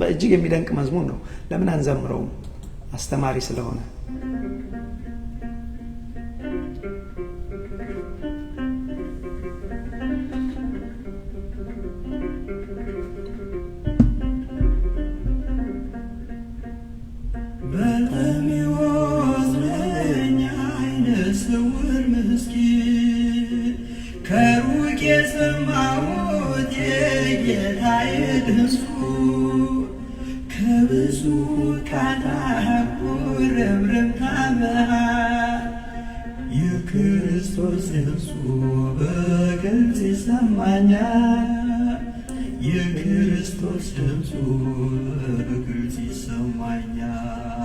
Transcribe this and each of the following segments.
በእጅግ የሚደንቅ መዝሙር ነው። ለምን አንዘምረውም? አስተማሪ ስለሆነ كان أحبور برمتابها የክርስቶስ እሱ በግልጽ ይሰማኛል። የክርስቶስ እሱ በግልጽ ይሰማኛል።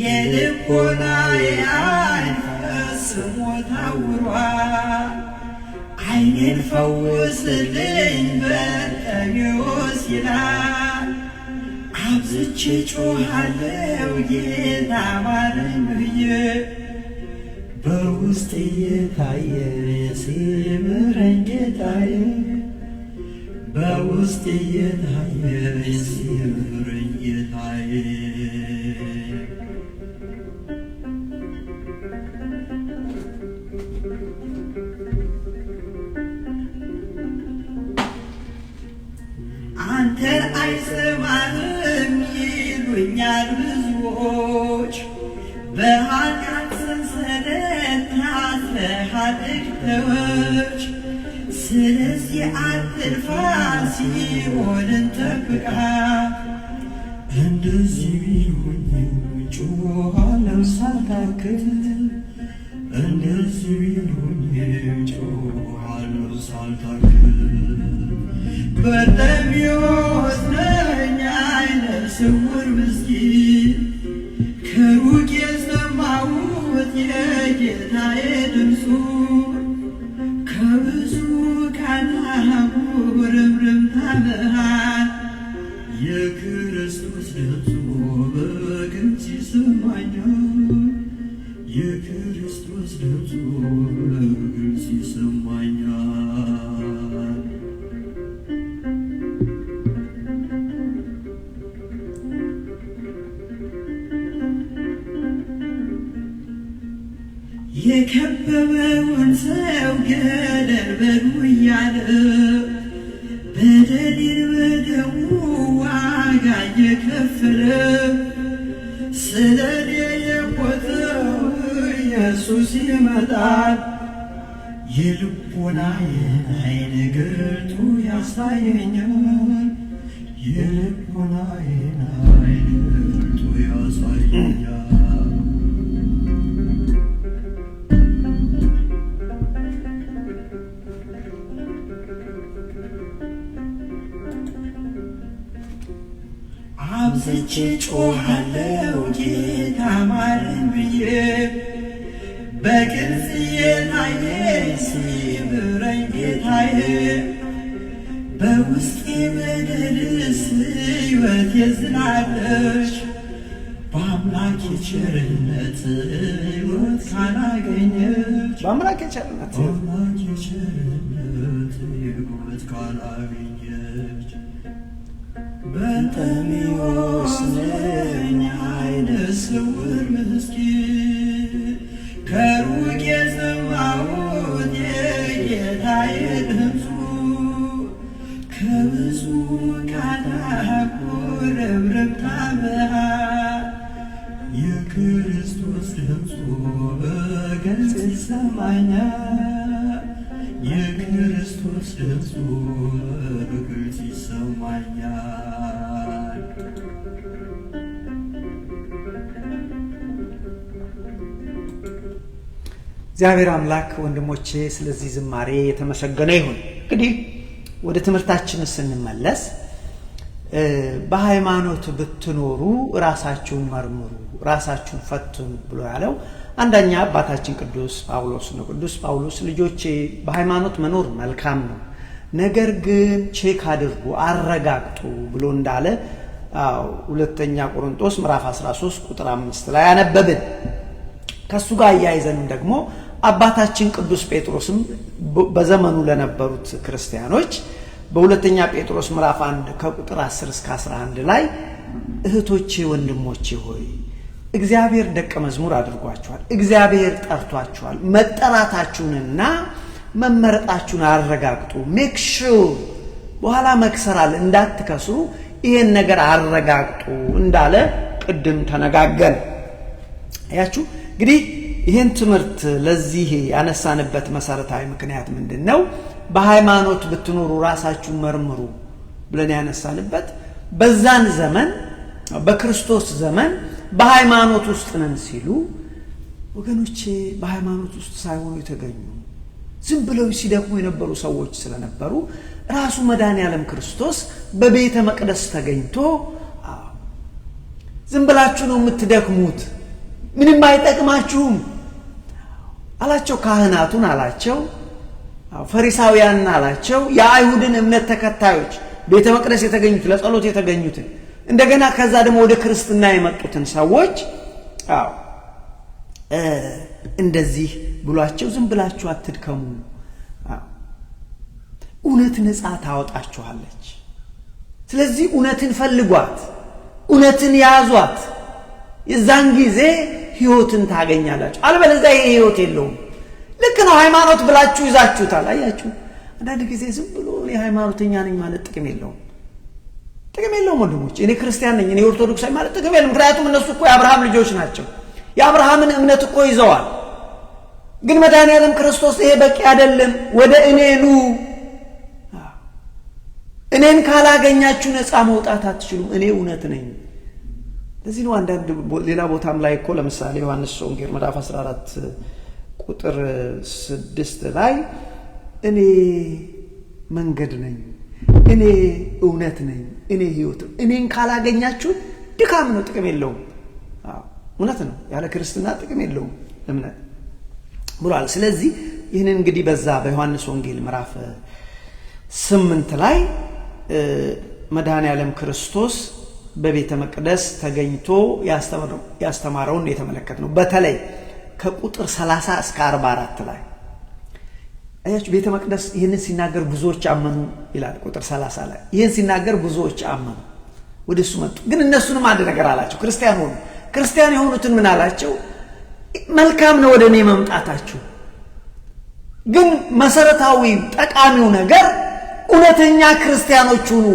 የልቦና ያ ስሙ ታውሯል። ዓይኔን ፈውስልኝ በርጤሜዎስ ይላል። አብዝቼ ጮኻለሁ ጌታ ማረኝ ብዬ በውስጥ እየታየ ሲምረኝ ጌታዬ በውስጥ እየታየ ሲምረኝ ስለዚህ አትልፋ ሲኦልን ጠብቃ እንደዚህ ቢሆን ጮኋለው ሳልታክት እንደዚህ ቢሆን ጮኋለው ሳልታክት በጠቢዎስ የከበበውን ሰው ገደል በሉ እያለ በደሌን በደሙ ዋጋ እየከፈለ ስለኔ የሞተው ኢየሱስ ይመጣል። የልቦናዬን አይነገርቱ ያሳየኛል የልቦናዬን አይነገርቱ ያሳየኛል ስችጮ አለው ጌታ ማረኝ ብዬ በቅርጽዬ ታየ ሲምረኝ ጌታዬ በውስጤ በደልስ ሕይወት የዝናለች በአምላክ የቸርነት ሕይወት ካላገኘች በአምላክ የቸርነት ሕይወት ካላገኘች በርጤሜዎስ ነኝ አይነ ስውር ምስኪን ከሩቅ የሰማሁት የጌታዬ ድምፁ ከብዙ ረብረብታ የክርስቶስ ድምፁ በግልጽ ይሰማኛል የክርስቶስ ድምፁ በግልጽ ይሰማኛል እግዚአብሔር አምላክ ወንድሞቼ ስለዚህ ዝማሬ የተመሰገነ ይሁን። እንግዲህ ወደ ትምህርታችን ስንመለስ በሃይማኖት ብትኖሩ ራሳችሁን መርምሩ፣ ራሳችሁን ፈትኑ ብሎ ያለው አንደኛ አባታችን ቅዱስ ጳውሎስ ነው። ቅዱስ ጳውሎስ ልጆቼ በሃይማኖት መኖር መልካም ነው፣ ነገር ግን ቼክ አድርጉ፣ አረጋግጡ ብሎ እንዳለ ሁለተኛ ቆሮንጦስ ምዕራፍ 13 ቁጥር 5 ላይ አነበብን። ከእሱ ጋር እያይዘንም ደግሞ አባታችን ቅዱስ ጴጥሮስም በዘመኑ ለነበሩት ክርስቲያኖች በሁለተኛ ጴጥሮስ ምዕራፍ 1 ከቁጥር 10 እስከ 11 ላይ እህቶቼ ወንድሞቼ ሆይ እግዚአብሔር ደቀ መዝሙር አድርጓችኋል፣ እግዚአብሔር ጠርቷችኋል። መጠራታችሁንና መመረጣችሁን አረጋግጡ። ሜክ ሹር በኋላ መክሰራል እንዳትከስሩ ይሄን ነገር አረጋግጡ እንዳለ ቅድም ተነጋገን አያችሁ እንግዲህ ይህን ትምህርት ለዚህ ያነሳንበት መሰረታዊ ምክንያት ምንድን ነው? በሃይማኖት ብትኖሩ ራሳችሁ መርምሩ ብለን ያነሳንበት በዛን ዘመን በክርስቶስ ዘመን በሃይማኖት ውስጥ ነን ሲሉ ወገኖቼ በሃይማኖት ውስጥ ሳይሆኑ የተገኙ ዝም ብለው ሲደክሙ የነበሩ ሰዎች ስለነበሩ ራሱ መድኃኔ ዓለም ክርስቶስ በቤተ መቅደስ ተገኝቶ ዝም ብላችሁ ነው የምትደክሙት፣ ምንም አይጠቅማችሁም አላቸው ካህናቱን አላቸው ፈሪሳውያንን አላቸው የአይሁድን እምነት ተከታዮች ቤተ መቅደስ የተገኙት ለጸሎት የተገኙትን እንደገና ከዛ ደግሞ ወደ ክርስትና የመጡትን ሰዎች አዎ እንደዚህ ብሏቸው ዝም ብላችሁ አትድከሙ እውነት ነፃ ታወጣችኋለች ስለዚህ እውነትን ፈልጓት እውነትን ያዟት የዛን ጊዜ ህይወትን ታገኛላችሁ። አልበለዚያ ይሄ ህይወት የለውም። ልክ ነው። ሃይማኖት ብላችሁ ይዛችሁታል። አያችሁ፣ አንዳንድ ጊዜ ዝም ብሎ እኔ ሃይማኖተኛ ነኝ ማለት ጥቅም የለውም። ጥቅም የለውም ወንድሞች። እኔ ክርስቲያን ነኝ፣ እኔ ኦርቶዶክሳዊ ማለት ጥቅም የለም። ምክንያቱም እነሱ እኮ የአብርሃም ልጆች ናቸው። የአብርሃምን እምነት እኮ ይዘዋል። ግን መድኃኒዓለም ክርስቶስ ይሄ በቂ አይደለም፣ ወደ እኔ ኑ እኔን ካላገኛችሁ ነፃ መውጣት አትችሉም፣ እኔ እውነት ነኝ ለዚህ ነው አንዳንድ ሌላ ቦታም ላይ እኮ ለምሳሌ ዮሐንስ ወንጌል ምዕራፍ 14 ቁጥር ስድስት ላይ እኔ መንገድ ነኝ፣ እኔ እውነት ነኝ፣ እኔ ህይወት ነው፣ እኔን ካላገኛችሁ ድካም ነው፣ ጥቅም የለውም። እውነት ነው፣ ያለ ክርስትና ጥቅም የለውም እምነት ብሏል። ስለዚህ ይህን እንግዲህ በዛ በዮሐንስ ወንጌል ምዕራፍ ስምንት ላይ መድኃኔ ዓለም ክርስቶስ በቤተ መቅደስ ተገኝቶ ያስተማረውን የተመለከት ነው። በተለይ ከቁጥር 30 እስከ 44 ላይ አያችሁ፣ ቤተ መቅደስ ይህንን ሲናገር ብዙዎች አመኑ ይላል። ቁጥር 30 ላይ ይህን ሲናገር ብዙዎች አመኑ፣ ወደ እሱ መጡ። ግን እነሱንም አንድ ነገር አላቸው፣ ክርስቲያን ሆኑ። ክርስቲያን የሆኑትን ምን አላቸው? መልካም ነው ወደ እኔ መምጣታችሁ፣ ግን መሰረታዊ ጠቃሚው ነገር እውነተኛ ክርስቲያኖች ሁኑ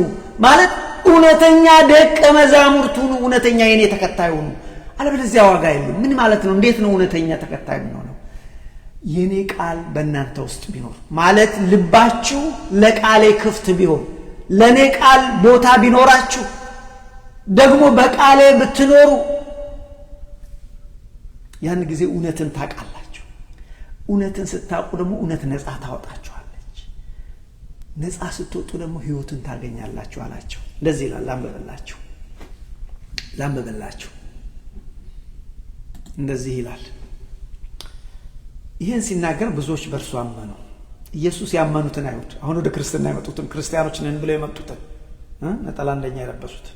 ማለት እውነተኛ ደቀ መዛሙርት ሁኑ፣ እውነተኛ የኔ ተከታይ ሁኑ። አለበለዚያ ዋጋ የለም። ምን ማለት ነው? እንዴት ነው እውነተኛ ተከታይ የሚሆነው? የኔ ቃል በእናንተ ውስጥ ቢኖር ማለት ልባችሁ ለቃሌ ክፍት ቢሆን፣ ለእኔ ቃል ቦታ ቢኖራችሁ፣ ደግሞ በቃሌ ብትኖሩ፣ ያን ጊዜ እውነትን ታውቃላችሁ። እውነትን ስታውቁ ደግሞ እውነት ነፃ ታወጣችሁ። ነፃ ስትወጡ ደግሞ ህይወትን ታገኛላችሁ አላቸው። እንደዚህ ይላል። ላንበበላችሁ ላንበበላችሁ እንደዚህ ይላል። ይህን ሲናገር ብዙዎች በእርሱ አመኑ። ኢየሱስ ያመኑትን አይሁድ አሁን ወደ ክርስትና የመጡትን ክርስቲያኖች ነን ብለው የመጡትን ነጠላ አንደኛ የለበሱት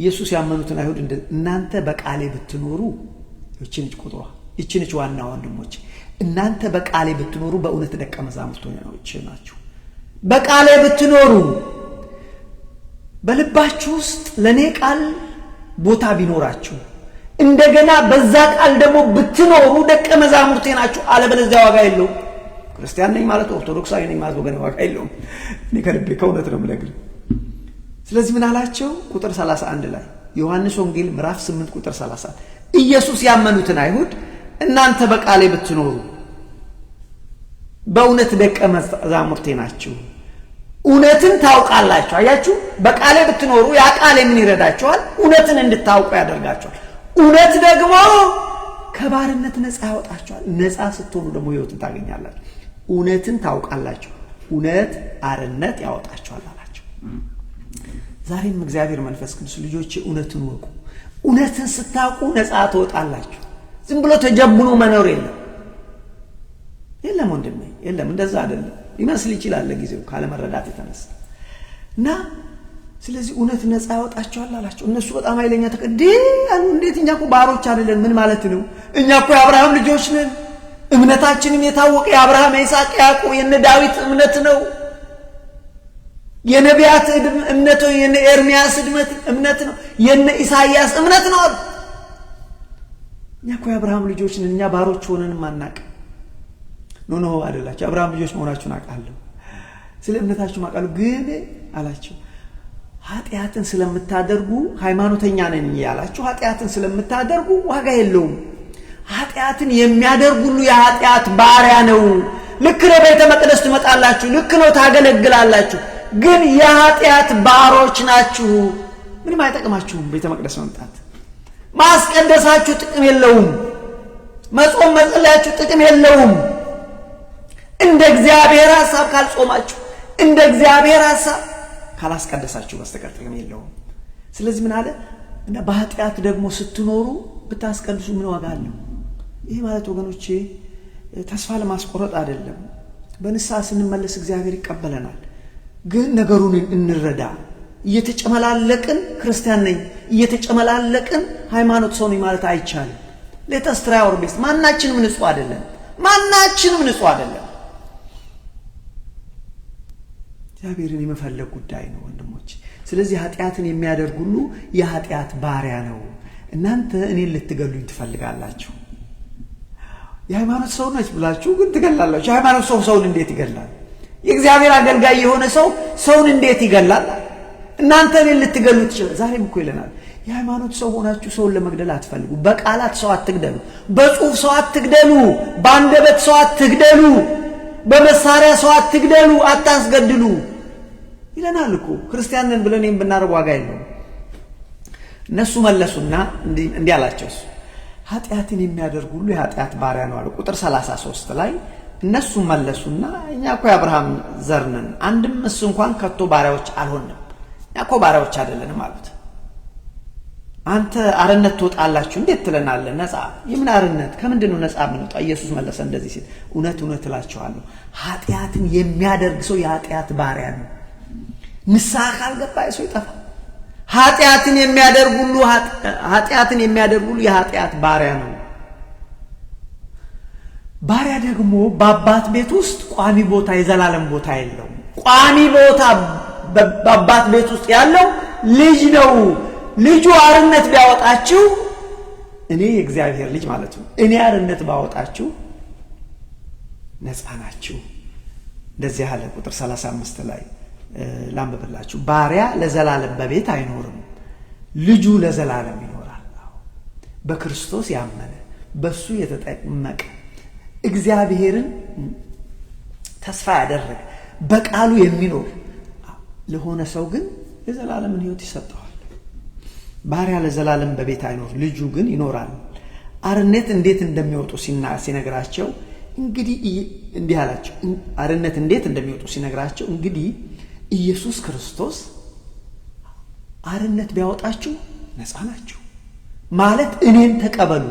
ኢየሱስ ያመኑትን አይሁድ እናንተ በቃሌ ብትኖሩ ይችንች ቁጥሯ ይችንች ዋና ወንድሞች እናንተ በቃሌ ብትኖሩ በእውነት ደቀ መዛሙርቶች ናችሁ በቃሌ ብትኖሩ በልባችሁ ውስጥ ለእኔ ቃል ቦታ ቢኖራችሁ እንደገና በዛ ቃል ደግሞ ብትኖሩ ደቀ መዛሙርቴ ናችሁ። አለበለዚያ ዋጋ የለውም። ክርስቲያን ነኝ ማለት ኦርቶዶክሳዊ ነኝ ማለት ወገን ዋጋ የለውም። እኔ ከልቤ ከእውነት ነው የምነግርህ። ስለዚህ ምን አላቸው? ቁጥር 31 ላይ ዮሐንስ ወንጌል ምዕራፍ 8 ቁጥር 30 ኢየሱስ ያመኑትን አይሁድ እናንተ በቃሌ ብትኖሩ በእውነት ደቀ መዛሙርቴ ናችሁ፣ እውነትን ታውቃላችሁ። አያችሁ፣ በቃሌ ብትኖሩ ያ ቃሌ ምን ይረዳችኋል? እውነትን እንድታውቁ ያደርጋችኋል። እውነት ደግሞ ከባርነት ነፃ ያወጣችኋል። ነፃ ስትሆኑ ደግሞ ህይወትን ታገኛላችሁ። እውነትን ታውቃላችሁ፣ እውነት አርነት ያወጣችኋል አላቸው። ዛሬም እግዚአብሔር መንፈስ ቅዱስ ልጆቼ እውነትን ወቁ። እውነትን ስታውቁ ነፃ ትወጣላችሁ። ዝም ብሎ ተጀብኖ መኖር የለም። የለም ወንድሜ፣ የለም እንደዛ አይደለም ይመስል ይችላል ለጊዜው ካለመረዳት የተነሳ እና ስለዚህ እውነት ነፃ ያወጣቸዋል አላቸው። እነሱ በጣም ኃይለኛ ተቀድ አሉ። እንዴት እኛ ባሮች አይደለን? ምን ማለት ነው? እኛ እኮ የአብርሃም ልጆች ነን። እምነታችንም የታወቀ የአብርሃም የይስሐቅ፣ ያዕቆብ የነ ዳዊት እምነት ነው። የነቢያት እምነት የነ ኤርሚያስ እምነት ነው። የነ ኢሳይያስ እምነት ነው። እኛ እኮ የአብርሃም ልጆች ነን። እኛ ባሮች ሆነንም አናውቅም። ኖ ኖ አደላቸው። አብርሃም ልጆች መሆናችሁን አውቃለሁ፣ ስለ እምነታችሁ አውቃለሁ። ግን አላቸው ኃጢአትን ስለምታደርጉ ሃይማኖተኛ ነን ያላችሁ ኃጢአትን ስለምታደርጉ ዋጋ የለውም። ኃጢአትን የሚያደርግ ሁሉ የኃጢአት ባሪያ ነው። ልክ ነው። ቤተ መቅደስ ትመጣላችሁ፣ ልክ ነው፣ ታገለግላላችሁ። ግን የኃጢአት ባሮች ናችሁ። ምንም አይጠቅማችሁም። ቤተ መቅደስ መምጣት ማስቀደሳችሁ ጥቅም የለውም። መጾም መጸለያችሁ ጥቅም የለውም። እንደ እግዚአብሔር ሐሳብ ካልጾማችሁ፣ እንደ እግዚአብሔር ሐሳብ ካላስቀደሳችሁ በስተቀር ጥቅም የለውም። ስለዚህ ምን አለ እና በኃጢአት ደግሞ ስትኖሩ ብታስቀድሱ ምን ዋጋ አለው? ይህ ማለት ወገኖቼ ተስፋ ለማስቆረጥ አይደለም። በንስሐ ስንመለስ እግዚአብሔር ይቀበለናል። ግን ነገሩን እንረዳ። እየተጨመላለቅን ክርስቲያን ነኝ እየተጨመላለቅን ሃይማኖት ሰው ነኝ ማለት አይቻልም። ሌተስትራይ ኦር ቤስ ማናችንም ንጹህ አይደለም። ማናችንም ንጹህ አይደለም። እግዚአብሔርን የመፈለግ ጉዳይ ነው ወንድሞች። ስለዚህ ኃጢአትን የሚያደርግ ሁሉ የኃጢአት ባሪያ ነው። እናንተ እኔን ልትገሉኝ ትፈልጋላችሁ። የሃይማኖት ሰው ነች ብላችሁ ግን ትገላላችሁ። የሃይማኖት ሰው ሰውን እንዴት ይገላል? የእግዚአብሔር አገልጋይ የሆነ ሰው ሰውን እንዴት ይገላል? እናንተ እኔን ልትገሉ ትችላል። ዛሬም እኮ ይለናል። የሃይማኖት ሰው ሆናችሁ ሰውን ለመግደል አትፈልጉ። በቃላት ሰው አትግደሉ፣ በጽሁፍ ሰው አትግደሉ፣ በአንደበት ሰው አትግደሉ፣ በመሳሪያ ሰው አትግደሉ፣ አታስገድሉ ይለናል እኮ ክርስቲያንን ብለን ይህም ብናደርግ ዋጋ የለውም። እነሱ መለሱና እንዲህ አላቸው እሱ ኃጢአትን የሚያደርግ ሁሉ የኃጢአት ባሪያ ነው አለ። ቁጥር 33 ላይ እነሱ መለሱና እኛ እኮ የአብርሃም ዘር ነን፣ አንድም እስ እንኳን ከቶ ባሪያዎች አልሆንም፣ እኛ እኮ ባሪያዎች አይደለንም አሉት። አንተ አርነት ትወጣላችሁ እንዴት ትለናለህ? ነፃ የምን አርነት? ከምንድን ነው ነፃ የምንወጣ? ኢየሱስ መለሰ እንደዚህ ሲል፣ እውነት እውነት እላችኋለሁ ኃጢአትን የሚያደርግ ሰው የኃጢአት ባሪያ ነው። ንስሐ ካልገባ የሰው ይጠፋል። ኃጢአትን የሚያደርግ ሁሉ ኃጢአትን የሚያደርግ ሁሉ የኃጢአት ባሪያ ነው። ባሪያ ደግሞ በአባት ቤት ውስጥ ቋሚ ቦታ የዘላለም ቦታ የለውም። ቋሚ ቦታ በአባት ቤት ውስጥ ያለው ልጅ ነው። ልጁ አርነት ቢያወጣችሁ እኔ የእግዚአብሔር ልጅ ማለት ነው። እኔ አርነት ባወጣችሁ ነፃ ናችሁ። እንደዚህ ያለ ቁጥር 35 ላይ ላንብብላችሁ። ባሪያ ለዘላለም በቤት አይኖርም፣ ልጁ ለዘላለም ይኖራል። በክርስቶስ ያመነ በሱ የተጠመቀ እግዚአብሔርን ተስፋ ያደረገ በቃሉ የሚኖር ለሆነ ሰው ግን የዘላለምን ህይወት ይሰጠዋል። ባሪያ ለዘላለም በቤት አይኖር፣ ልጁ ግን ይኖራል። አርነት እንዴት እንደሚወጡ ሲነግራቸው እንግዲህ እንዲህ አላቸው። አርነት እንዴት እንደሚወጡ ሲነግራቸው እንግዲህ ኢየሱስ ክርስቶስ አርነት ቢያወጣችሁ ነፃ ናችሁ ማለት እኔን ተቀበሉ፣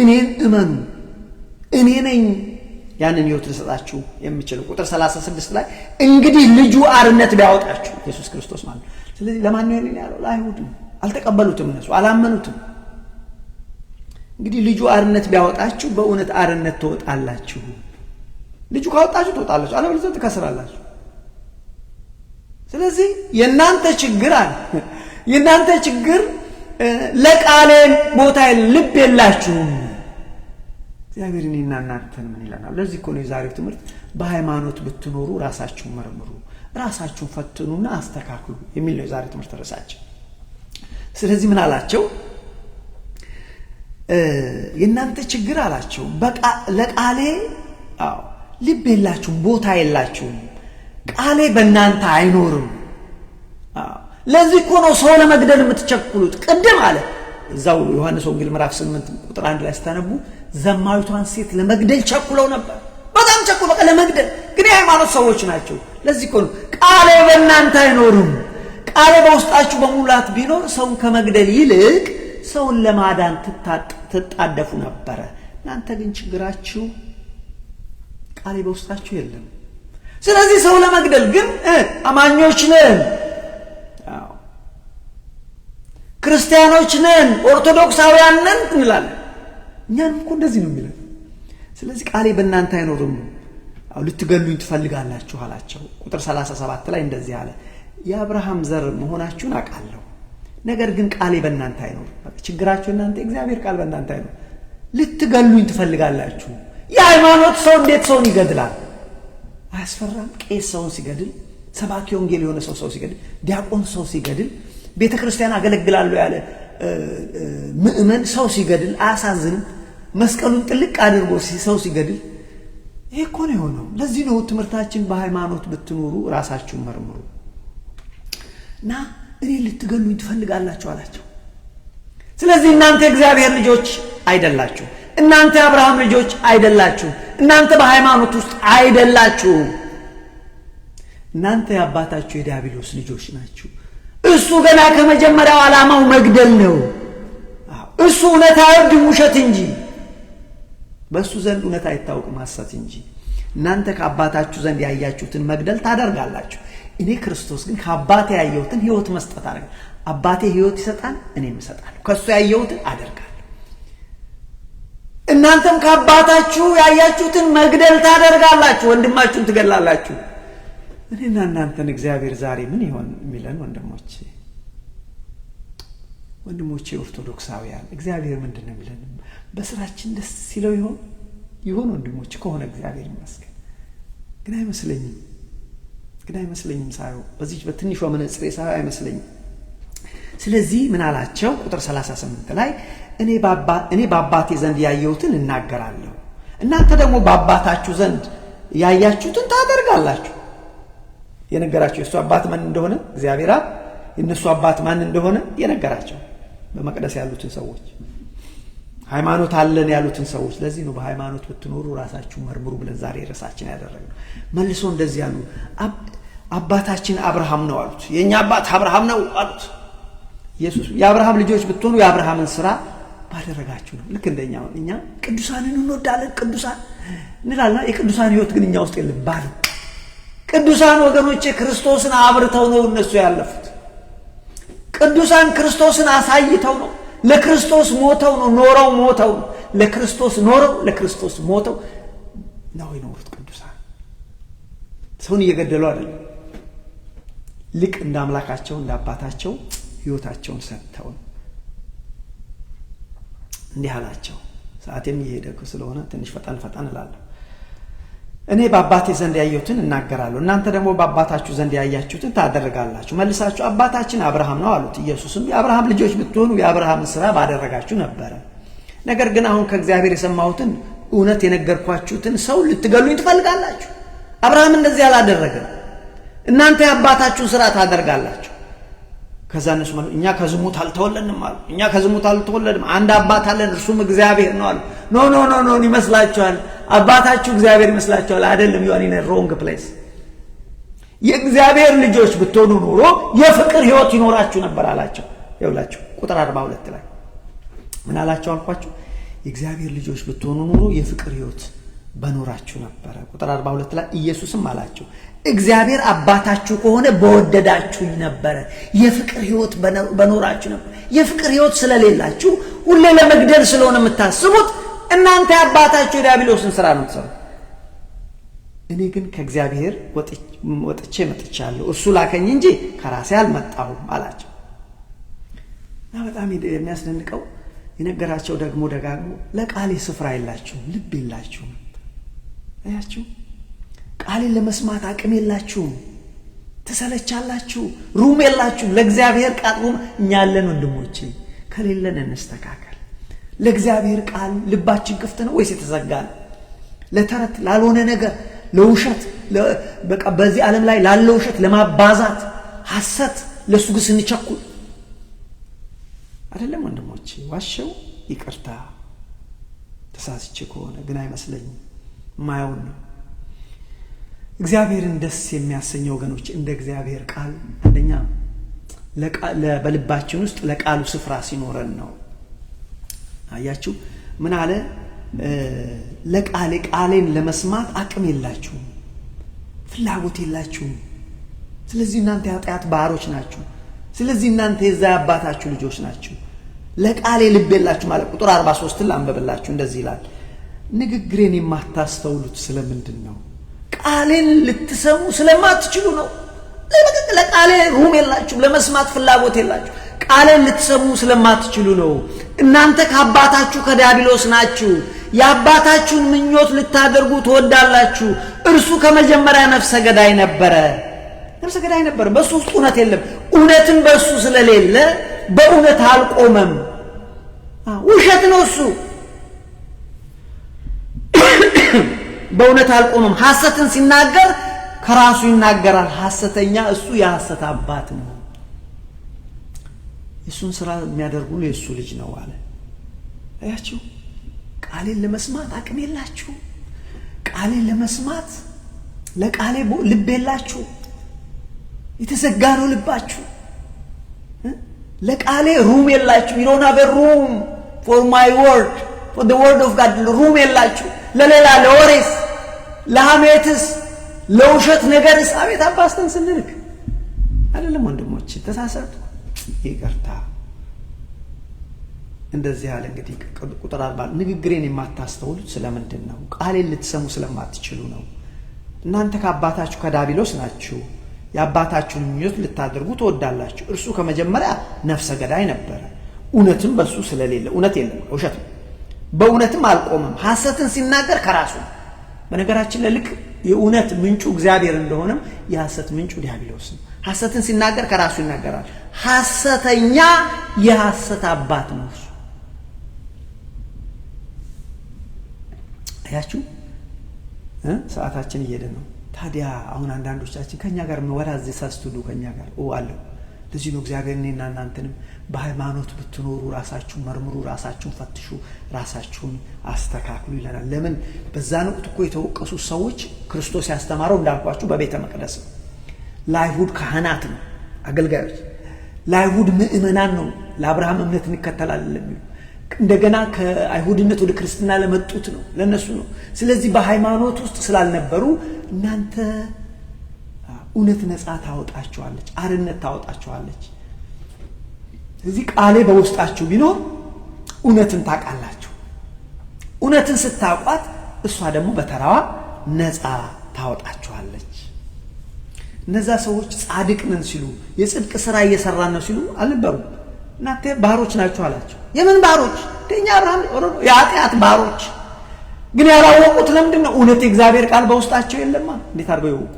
እኔን እመኑ፣ እኔ ነኝ ያንን ህይወት ልሰጣችሁ የምችል ቁጥር 36 ላይ እንግዲህ ልጁ አርነት ቢያወጣችሁ ኢየሱስ ክርስቶስ ማለት ነው። ስለዚህ ለማን ነው ያለው? ለአይሁድ ነው። አልተቀበሉትም፣ እነሱ አላመኑትም። እንግዲህ ልጁ አርነት ቢያወጣችሁ በእውነት አርነት ትወጣላችሁ። ልጁ ካወጣችሁ ትወጣላችሁ፣ አለበለዚያ ትከስራላችሁ። ስለዚህ የእናንተ ችግር አለ የእናንተ ችግር ለቃሌን ቦታ ልብ የላችሁም። እግዚአብሔር እኔና እናንተን ምን ይለናል? ለዚህ እኮ ነው የዛሬው ትምህርት በሃይማኖት ብትኖሩ ራሳችሁን መርምሩ፣ ራሳችሁን ፈትኑና አስተካክሉ የሚል ነው የዛሬው ትምህርት ርዕሳችን። ስለዚህ ምን አላቸው? የእናንተ ችግር አላቸው ለቃሌ ልብ የላችሁም፣ ቦታ የላችሁም ቃሌ በእናንተ አይኖርም። ለዚህ እኮ ነው ሰው ለመግደል የምትቸኩሉት። ቅድም አለ እዛው ዮሐንስ ወንጌል ምዕራፍ ስምንት ቁጥር አንድ ላይ ስታነቡ ዘማዊቷን ሴት ለመግደል ቸኩለው ነበር። በጣም ቸኩል በቃ ለመግደል ግን የሃይማኖት ሰዎች ናቸው። ለዚህ እኮ ነው ቃሌ በእናንተ አይኖርም። ቃሌ በውስጣችሁ በሙላት ቢኖር ሰውን ከመግደል ይልቅ ሰውን ለማዳን ትጣደፉ ነበረ። እናንተ ግን ችግራችሁ ቃሌ በውስጣችሁ የለም። ስለዚህ ሰው ለመግደል ግን አማኞች ነን፣ ክርስቲያኖች ነን፣ ኦርቶዶክሳውያን ነን እንላለን። እኛንም እኮ እንደዚህ ነው የሚለን። ስለዚህ ቃሌ በእናንተ አይኖርም፣ ልትገሉኝ ትፈልጋላችሁ አላቸው። ቁጥር 37 ላይ እንደዚህ አለ፣ የአብርሃም ዘር መሆናችሁን አውቃለሁ፣ ነገር ግን ቃሌ በእናንተ አይኖርም። ችግራችሁ እናንተ እግዚአብሔር ቃል በእናንተ አይኖርም፣ ልትገሉኝ ትፈልጋላችሁ። የሃይማኖት ሰው እንዴት ሰውን ይገድላል? አያስፈራም? ቄስ ሰውን ሲገድል፣ ሰባኪ ወንጌል የሆነ ሰው ሰው ሲገድል፣ ዲያቆን ሰው ሲገድል፣ ቤተ ክርስቲያን አገለግላለሁ ያለ ምእመን ሰው ሲገድል አያሳዝንም? መስቀሉን ጥልቅ አድርጎ ሰው ሲገድል ይሄ እኮ ነው የሆነው። ለዚህ ነው ትምህርታችን በሃይማኖት ብትኖሩ ራሳችሁን መርምሩ እና እኔ ልትገሉኝ ትፈልጋላችሁ አላቸው። ስለዚህ እናንተ እግዚአብሔር ልጆች አይደላችሁ እናንተ የአብርሃም ልጆች አይደላችሁ። እናንተ በሃይማኖት ውስጥ አይደላችሁ። እናንተ የአባታችሁ የዲያብሎስ ልጆች ናችሁ። እሱ ገና ከመጀመሪያው ዓላማው መግደል ነው። እሱ እውነት አይወድም ውሸት እንጂ፣ በእሱ ዘንድ እውነት አይታወቅም ሐሰት እንጂ። እናንተ ከአባታችሁ ዘንድ ያያችሁትን መግደል ታደርጋላችሁ። እኔ ክርስቶስ ግን ከአባቴ ያየሁትን ሕይወት መስጠት አደርጋለሁ። አባቴ ሕይወት ይሰጣል፣ እኔም እሰጣለሁ። ከእሱ ያየሁትን አደርጋለሁ። እናንተም ከአባታችሁ ያያችሁትን መግደል ታደርጋላችሁ፣ ወንድማችሁን ትገላላችሁ። እኔና እናንተን እግዚአብሔር ዛሬ ምን ይሆን የሚለን ወንድሞቼ፣ ወንድሞቼ ኦርቶዶክሳውያን እግዚአብሔር ምንድን ነው የሚለን? በስራችን ደስ ሲለው ይሆን ይሆን? ወንድሞች ከሆነ እግዚአብሔር ይመስገን፣ ግን አይመስለኝም፣ ግን አይመስለኝም። ሳየው በዚህ በትንሿ መነጽሬ ሳየው አይመስለኝም። ስለዚህ ምን አላቸው? ቁጥር 38 ላይ እኔ በአባቴ ዘንድ ያየሁትን እናገራለሁ፣ እናንተ ደግሞ በአባታችሁ ዘንድ ያያችሁትን ታደርጋላችሁ። የነገራቸው የእሱ አባት ማን እንደሆነ እግዚአብሔር አብ የእነሱ አባት ማን እንደሆነ የነገራቸው በመቅደስ ያሉትን ሰዎች ሃይማኖት አለን ያሉትን ሰዎች። ለዚህ ነው በሃይማኖት ብትኖሩ ራሳችሁ መርምሩ ብለን ዛሬ ርዕሳችን ያደረግነው። መልሶ እንደዚህ ያሉ አባታችን አብርሃም ነው አሉት። የእኛ አባት አብርሃም ነው አሉት። ኢየሱስ የአብርሃም ልጆች ብትሆኑ የአብርሃምን ስራ ባደረጋችሁ ነው። ልክ እንደኛ እኛ ቅዱሳንን እንወዳለን፣ ቅዱሳን እንላልና የቅዱሳን ህይወት ግን እኛ ውስጥ የለም። ባል ቅዱሳን ወገኖቼ ክርስቶስን አብርተው ነው እነሱ ያለፉት። ቅዱሳን ክርስቶስን አሳይተው ነው፣ ለክርስቶስ ሞተው ነው፣ ኖረው ሞተው ነው፣ ለክርስቶስ ኖረው ለክርስቶስ ሞተው ነው የኖሩት። ቅዱሳን ሰውን እየገደሉ አይደለም። ልቅ እንደ አምላካቸው እንደ አባታቸው ህይወታቸውን ሰጥተው እንዲህ አላቸው። ሰዓቴም እየሄደ ስለሆነ ትንሽ ፈጠን ፈጠን እላለሁ። እኔ በአባቴ ዘንድ ያየሁትን እናገራለሁ፣ እናንተ ደግሞ በአባታችሁ ዘንድ ያያችሁትን ታደርጋላችሁ። መልሳችሁ አባታችን አብርሃም ነው አሉት። ኢየሱስም የአብርሃም ልጆች ብትሆኑ የአብርሃምን ስራ ባደረጋችሁ ነበረ። ነገር ግን አሁን ከእግዚአብሔር የሰማሁትን እውነት የነገርኳችሁትን ሰው ልትገሉኝ ትፈልጋላችሁ። አብርሃም እንደዚህ አላደረገም። እናንተ የአባታችሁን ስራ ታደርጋላችሁ። ከዛ እነሱ ማለት እኛ ከዝሙት አልተወለድንም አሉ። እኛ ከዝሙት አልተወለድም፣ አንድ አባት አለን እርሱም እግዚአብሔር ነው አሉ። ኖ ኖ ኖ ኖ ይመስላችኋል፣ አባታችሁ እግዚአብሔር ይመስላችኋል። አይደለም። ዩአር ኢነ ሮንግ ፕሌስ። የእግዚአብሔር ልጆች ብትሆኑ ኖሮ የፍቅር ህይወት ይኖራችሁ ነበር አላቸው። ይውላችሁ ቁጥር 42 ላይ ምን አላቸው አልኳችሁ? የእግዚአብሔር ልጆች ብትሆኑ ኖሮ የፍቅር ህይወት በኖራችሁ ነበረ። ቁጥር 42 ላይ ኢየሱስም አላቸው እግዚአብሔር አባታችሁ ከሆነ በወደዳችሁኝ ነበረ፣ የፍቅር ህይወት በኖራችሁ ነበር። የፍቅር ህይወት ስለሌላችሁ ሁሌ ለመግደል ስለሆነ የምታስቡት እናንተ የአባታችሁ የዲያብሎስን ስራ ነው ሰሩ እኔ ግን ከእግዚአብሔር ወጥቼ መጥቻለሁ፣ እሱ ላከኝ እንጂ ከራሴ አልመጣሁም አላቸው። እና በጣም የሚያስደንቀው የነገራቸው ደግሞ ደጋግሞ ለቃሌ ስፍራ የላችሁም፣ ልብ የላችሁም። አያችሁ ቃሌን ለመስማት አቅም የላችሁም፣ ትሰለቻላችሁ፣ ሩም የላችሁም። ለእግዚአብሔር ቃል ሩም እኛ ያለን ወንድሞቼ፣ ከሌለን እንስተካከል። ለእግዚአብሔር ቃል ልባችን ክፍት ነው ወይስ የተዘጋ ነው? ለተረት ላልሆነ ነገር ለውሸት በቃ በዚህ ዓለም ላይ ላለ ውሸት ለማባዛት ሐሰት ለእሱ ግን ስንቸኩል አይደለም ወንድሞቼ። ዋሸው ይቅርታ፣ ተሳስቼ ከሆነ ግን አይመስለኝም ማየውን ነው እግዚአብሔርን ደስ የሚያሰኝ ወገኖች እንደ እግዚአብሔር ቃል አንደኛ በልባችን ውስጥ ለቃሉ ስፍራ ሲኖረን ነው። አያችሁ ምን አለ? ለቃሌ ቃሌን ለመስማት አቅም የላችሁም፣ ፍላጎት የላችሁም። ስለዚህ እናንተ የኃጢአት ባህሮች ናችሁ። ስለዚህ እናንተ የዛ አባታችሁ ልጆች ናችሁ። ለቃሌ ልብ የላችሁ ማለት ቁጥር 43 ላንበብላችሁ። እንደዚህ ይላል፣ ንግግሬን የማታስተውሉት ስለምንድን ነው? ቃሌን ልትሰሙ ስለማትችሉ ነው። ለቃሌ ሩም የላችሁ፣ ለመስማት ፍላጎት የላችሁ። ቃሌን ልትሰሙ ስለማትችሉ ነው። እናንተ ከአባታችሁ ከዲያብሎስ ናችሁ። የአባታችሁን ምኞት ልታደርጉ ትወዳላችሁ። እርሱ ከመጀመሪያ ነፍሰ ገዳይ ነበረ። ነፍሰ ገዳይ ነበረ። በእሱ ውስጥ እውነት የለም። እውነትም በእሱ ስለሌለ በእውነት አልቆመም። ውሸት ነው እሱ በእውነት አልቆመም። ሐሰትን ሲናገር ከራሱ ይናገራል። ሐሰተኛ እሱ የሐሰት አባት ነው። የእሱን ስራ የሚያደርግ ሁሉ የእሱ ልጅ ነው አለ። አያችሁ፣ ቃሌን ለመስማት አቅም የላችሁ፣ ቃሌን ለመስማት ለቃሌ ልብ የላችሁ፣ የተዘጋ ነው ልባችሁ፣ ለቃሌ ሩም የላችሁ። ይሮና በሩም ፎር ማይ ወርድ ፎር ወርድ ኦፍ ጋድ ሩም የላችሁ ለሌላ ለወሬስ ለሐሜትስ ለውሸት ነገርስ አቤት አባስተን ስንልክ አይደለም። ወንድሞች ተሳሳቱ፣ ይቅርታ እንደዚህ ያለ እንግዲህ ቁጥር አርባ ንግግሬን የማታስተውሉት ስለምንድን ነው? ቃሌን ልትሰሙ ስለማትችሉ ነው። እናንተ ከአባታችሁ ከዳቢሎስ ናችሁ፣ የአባታችሁን ምኞት ልታደርጉ ትወዳላችሁ። እርሱ ከመጀመሪያ ነፍሰ ገዳይ ነበረ፣ እውነትም በእሱ ስለሌለ እውነት የለም፣ ውሸት ነው። በእውነትም አልቆመም፣ ሐሰትን ሲናገር ከራሱ ነው። በነገራችን ለልክ የእውነት ምንጩ እግዚአብሔር እንደሆነም የሐሰት ምንጩ ዲያብሎስ ነው። ሐሰትን ሲናገር ከራሱ ይናገራል። ሐሰተኛ የሐሰት አባት ነው እሱ። አያችሁ፣ ሰዓታችን እየሄደ ነው። ታዲያ አሁን አንዳንዶቻችን ከእኛ ጋር ወደ እዚህ ሳስቱዱ ከእኛ ጋር አለው። ለዚህ ነው እግዚአብሔር እኔና እናንተንም በሃይማኖት ብትኖሩ ራሳችሁን መርምሩ፣ ራሳችሁን ፈትሹ፣ ራሳችሁን አስተካክሉ ይለናል። ለምን በዛን ወቅት እኮ የተወቀሱ ሰዎች ክርስቶስ ያስተማረው እንዳልኳችሁ በቤተ መቅደስ ነው፣ ለአይሁድ ካህናት ነው አገልጋዮች፣ ለአይሁድ ምእመናን ነው ለአብርሃም እምነት እንከተላለን ለሚሉ እንደገና ከአይሁድነት ወደ ክርስትና ለመጡት ነው ለእነሱ ነው። ስለዚህ በሃይማኖት ውስጥ ስላልነበሩ እናንተ እውነት ነፃ ታወጣችኋለች፣ አርነት ታወጣችኋለች። ስለዚህ ቃሌ በውስጣችሁ ቢኖር እውነትን ታውቃላችሁ። እውነትን ስታውቋት እሷ ደግሞ በተራዋ ነፃ ታወጣችኋለች። እነዛ ሰዎች ጻድቅ ነን ሲሉ የጽድቅ ስራ እየሰራን ነው ሲሉ አልነበሩ። እናንተ ባሮች ናችሁ አላቸው። የምን ባሮች? ከኛ የኃጢአት ባሮች። ግን ያላወቁት ለምንድን ነው? እውነት የእግዚአብሔር ቃል በውስጣቸው የለማ። እንዴት አድርገው ይወቁ?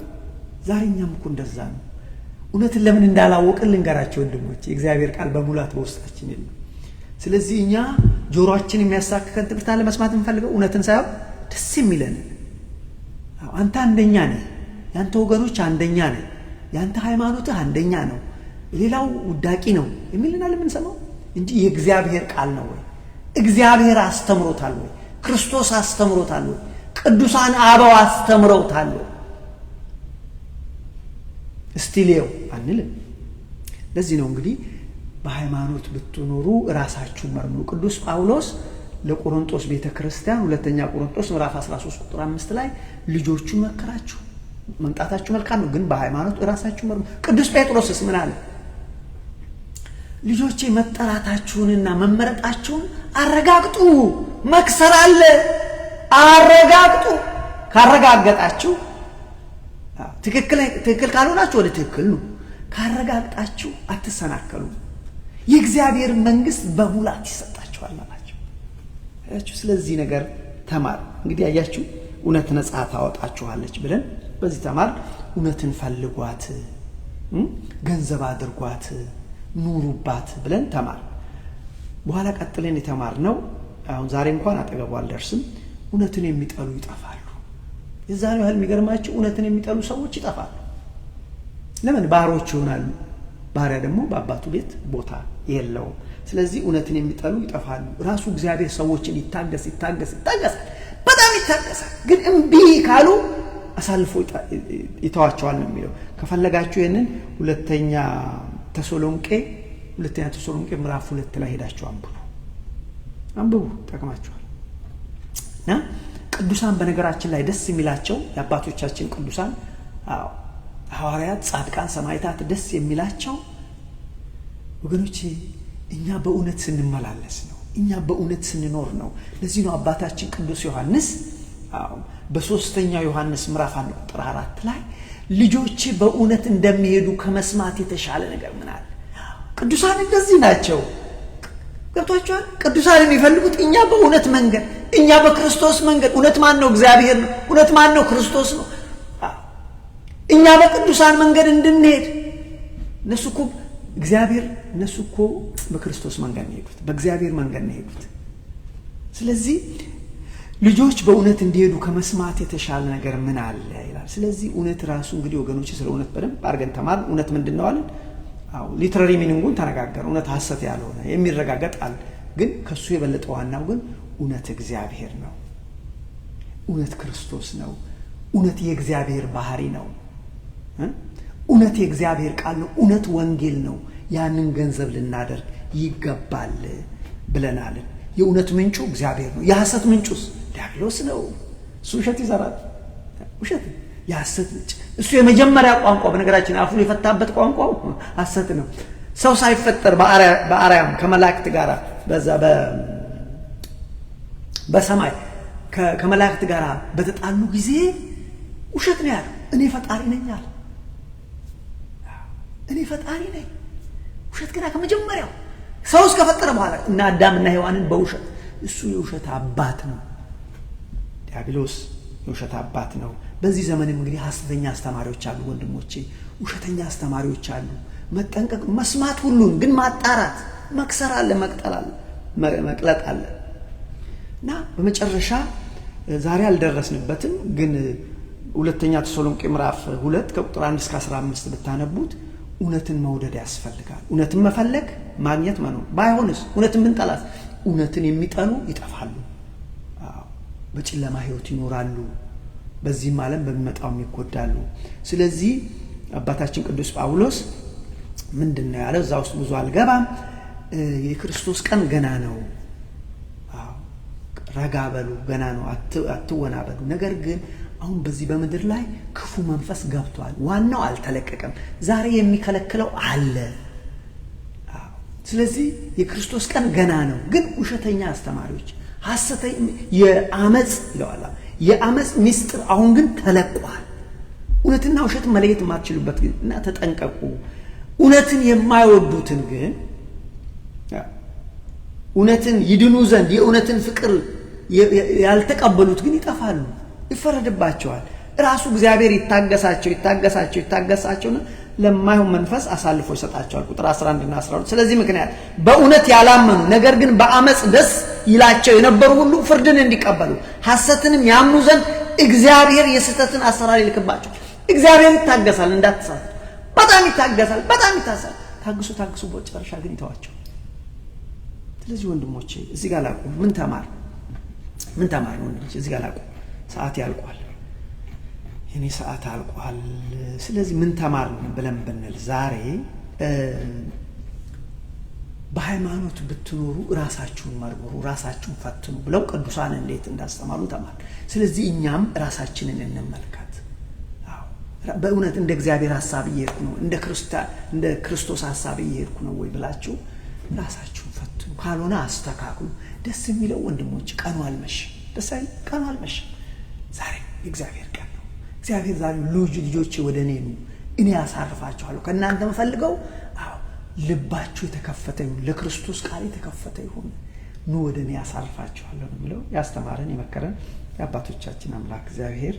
ዛሬ እኛም እኮ እንደዛ ነው። እውነትን ለምን እንዳላወቅን ልንገራቸው ወንድሞች፣ የእግዚአብሔር ቃል በሙላት በውስጣችን የለም። ስለዚህ እኛ ጆሮችን የሚያሳክከን ትምህርት አለ መስማት የምፈልገው እውነትን ሳይሆን ደስ የሚለን አንተ አንደኛ ነ የአንተ ወገኖች አንደኛ ነ የአንተ ሃይማኖትህ አንደኛ ነው፣ ሌላው ውዳቂ ነው የሚልናል የምንሰማው እንጂ የእግዚአብሔር ቃል ነው ወይ? እግዚአብሔር አስተምሮታል ወይ? ክርስቶስ አስተምሮታል ወይ? ቅዱሳን አበው አስተምረውታል ወይ? እስቲሌው አንልም። ለዚህ ነው እንግዲህ በሃይማኖት ብትኖሩ ራሳችሁን መርምሩ። ቅዱስ ጳውሎስ ለቆሮንጦስ ቤተ ክርስቲያን ሁለተኛ ቆሮንጦስ ምዕራፍ 13 ቁጥር 5 ላይ ልጆቹን መከራችሁ መምጣታችሁ መልካም ነው፣ ግን በሃይማኖት ራሳችሁ መርምሩ። ቅዱስ ጴጥሮስስ ምን አለ? ልጆቼ መጠራታችሁንና መመረጣችሁን አረጋግጡ። መክሰር አለ፣ አረጋግጡ። ካረጋገጣችሁ ትክክል ካልሆናችሁ ወደ ትክክል ነው። ካረጋግጣችሁ አትሰናከሉ። የእግዚአብሔር መንግስት በሙላት ይሰጣችኋል አላቸው። አያችሁ፣ ስለዚህ ነገር ተማር። እንግዲህ አያችሁ፣ እውነት ነጻ ታወጣችኋለች ብለን በዚህ ተማር። እውነትን ፈልጓት፣ ገንዘብ አድርጓት፣ ኑሩባት ብለን ተማር። በኋላ ቀጥለን ነው። አሁን ዛሬ እንኳን አጠገቡ አልደርስም። እውነትን የሚጠሉ ይጠፋሉ። የዛሬው ያህል የሚገርማቸው እውነትን የሚጠሉ ሰዎች ይጠፋሉ። ለምን? ባሮች ይሆናሉ። ባሪያ ደግሞ በአባቱ ቤት ቦታ የለውም። ስለዚህ እውነትን የሚጠሉ ይጠፋሉ። ራሱ እግዚአብሔር ሰዎችን ይታገስ ይታገስ ይታገሳል፣ በጣም ይታገሳል። ግን እምቢ ካሉ አሳልፎ ይተዋቸዋል ነው የሚለው። ከፈለጋችሁ ይህንን ሁለተኛ ተሰሎንቄ ሁለተኛ ተሰሎንቄ ምዕራፍ ሁለት ላይ ሄዳችሁ አንብቡ አንብቡ፣ ጠቅማችኋል እና ቅዱሳን በነገራችን ላይ ደስ የሚላቸው የአባቶቻችን ቅዱሳን ሐዋርያት፣ ጻድቃን፣ ሰማይታት ደስ የሚላቸው ወገኖች እኛ በእውነት ስንመላለስ ነው። እኛ በእውነት ስንኖር ነው። ለዚህ ነው አባታችን ቅዱስ ዮሐንስ በሶስተኛው ዮሐንስ ምዕራፍ አንድ ቁጥር አራት ላይ ልጆች በእውነት እንደሚሄዱ ከመስማት የተሻለ ነገር ምናል ቅዱሳን እንደዚህ ናቸው። ገብቷቸዋል። ቅዱሳን የሚፈልጉት እኛ በእውነት መንገድ እኛ በክርስቶስ መንገድ እውነት ማን ነው? እግዚአብሔር ነው። እውነት ማን ነው? ክርስቶስ ነው። እኛ በቅዱሳን መንገድ እንድንሄድ እነሱ እኮ እግዚአብሔር እነሱ እኮ በክርስቶስ መንገድ ነው ሄዱት፣ በእግዚአብሔር መንገድ ነው ሄዱት። ስለዚህ ልጆች በእውነት እንዲሄዱ ከመስማት የተሻለ ነገር ምን አለ ይላል። ስለዚህ እውነት ራሱ እንግዲህ ወገኖች ስለ እውነት በደንብ አድርገን ተማር። እውነት ምንድን ነው አለን? አዎ ሊትራሪ ሚኒንጉን ተነጋገር። እውነት ሀሰት ያልሆነ የሚረጋገጥ አለ። ግን ከሱ የበለጠ ዋናው ግን እውነት እግዚአብሔር ነው። እውነት ክርስቶስ ነው። እውነት የእግዚአብሔር ባህሪ ነው። እውነት የእግዚአብሔር ቃል ነው። እውነት ወንጌል ነው። ያንን ገንዘብ ልናደርግ ይገባል ብለናል። የእውነት ምንጩ እግዚአብሔር ነው። የሐሰት ምንጩስ ዲያብሎስ ነው። እሱ ውሸት ይሰራል። ውሸት የሐሰት ምንጭ እሱ የመጀመሪያ ቋንቋ በነገራችን አፉን የፈታበት ቋንቋው ሐሰት ነው። ሰው ሳይፈጠር በአርያም ከመላእክት ጋር በዛ በሰማይ ከመላእክት ጋር በተጣሉ ጊዜ ውሸት ነው ያለው። እኔ ፈጣሪ ነኝ አለ። እኔ ፈጣሪ ነኝ። ውሸት ገና ከመጀመሪያው ሰው እስከፈጠረ በኋላ እና አዳምና ሔዋንን በውሸት እሱ የውሸት አባት ነው። ዲያብሎስ የውሸት አባት ነው። በዚህ ዘመንም እንግዲህ ሐሰተኛ አስተማሪዎች አሉ ወንድሞቼ፣ ውሸተኛ አስተማሪዎች አሉ። መጠንቀቅ መስማት ሁሉን ግን ማጣራት መክሰር አለ መቅጠል አለ መቅለጥ አለ እና በመጨረሻ ዛሬ አልደረስንበትም፣ ግን ሁለተኛ ተሰሎንቄ ምዕራፍ ሁለት ከቁጥር አንድ እስከ 15 ብታነቡት እውነትን መውደድ ያስፈልጋል። እውነትን መፈለግ ማግኘት መኖር ባይሆንስ እውነትን ብንጠላት እውነትን የሚጠሉ ይጠፋሉ፣ በጨለማ ህይወት ይኖራሉ፣ በዚህም ዓለም በሚመጣውም ይጎዳሉ። ስለዚህ አባታችን ቅዱስ ጳውሎስ ምንድን ነው ያለው? እዛ ውስጥ ብዙ አልገባም። የክርስቶስ ቀን ገና ነው ረጋ በሉ፣ ገና ነው፣ አትወናበዱ። ነገር ግን አሁን በዚህ በምድር ላይ ክፉ መንፈስ ገብቷል። ዋናው አልተለቀቀም። ዛሬ የሚከለክለው አለ። ስለዚህ የክርስቶስ ቀን ገና ነው። ግን ውሸተኛ አስተማሪዎች ሐሰተኛ የአመፅ ይለዋላ የአመፅ ሚስጥር አሁን ግን ተለቋል። እውነትና ውሸት መለየት የማትችሉበት ግን እና ተጠንቀቁ። እውነትን የማይወዱትን ግን እውነትን ይድኑ ዘንድ የእውነትን ፍቅር ያልተቀበሉት ግን ይጠፋሉ፣ ይፈረድባቸዋል። ራሱ እግዚአብሔር ይታገሳቸው ይታገሳቸው ይታገሳቸውና ለማይሆን መንፈስ አሳልፎ ይሰጣቸዋል። ቁጥር 11 እና 12 ስለዚህ ምክንያት በእውነት ያላመኑ ነገር ግን በአመፅ ደስ ይላቸው የነበሩ ሁሉ ፍርድን እንዲቀበሉ ሐሰትንም ያምኑ ዘንድ እግዚአብሔር የስህተትን አሰራር ይልክባቸው። እግዚአብሔር ይታገሳል፣ እንዳትሳት በጣም ይታገሳል፣ በጣም ይታሳል። ታግሱ ታግሱ፣ በጨረሻ ግን ይተዋቸው። ስለዚህ ወንድሞቼ እዚህ ጋር ላቁ። ምን ተማር ምን ተማር ነው እንዴ? እዚህ ጋር አላውቅም። ሰዓት ያልቋል፣ እኔ ሰዓት አልቋል። ስለዚህ ምን ተማር ነው ብለን ብንል ዛሬ በሃይማኖት ብትኖሩ ራሳችሁን መርምሩ፣ ራሳችሁን ፈትኑ ብለው ቅዱሳን እንዴት እንዳስተማሩ ተማር። ስለዚህ እኛም ራሳችንን እንመልከት። በእውነት እንደ እግዚአብሔር ሀሳብ እየሄድኩ ነው፣ እንደ ክርስቶስ ሀሳብ እየሄድኩ ነው ወይ ብላችሁ ራሳችሁ ካልሆነ አስተካክሉ። ደስ የሚለው ወንድሞች ቀኑ አልመሽም፣ ደስ አይልም? ቀኑ አልመሽም። ዛሬ የእግዚአብሔር ቀን ነው። እግዚአብሔር ዛሬ ልጅ ልጆች ወደ እኔ ኑ፣ እኔ ያሳርፋችኋለሁ። ከእናንተ የምፈልገው አዎ ልባችሁ የተከፈተ ይሁን፣ ለክርስቶስ ቃል የተከፈተ ይሁን። ኑ ወደ እኔ ያሳርፋችኋለሁ ነው የሚለው። ያስተማረን የመከረን የአባቶቻችን አምላክ እግዚአብሔር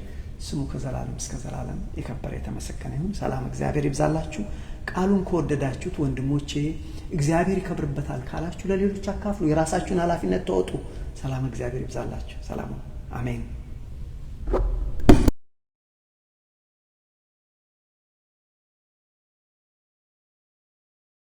ስሙ ከዘላለም እስከ ዘላለም የከበረ የተመሰገነ ይሁን። ሰላም እግዚአብሔር ይብዛላችሁ። ቃሉን ከወደዳችሁት ወንድሞቼ እግዚአብሔር ይከብርበታል ካላችሁ ለሌሎች አካፍሉ። የራሳችሁን ኃላፊነት ተወጡ። ሰላም እግዚአብሔር ይብዛላችሁ። ሰላም አሜን።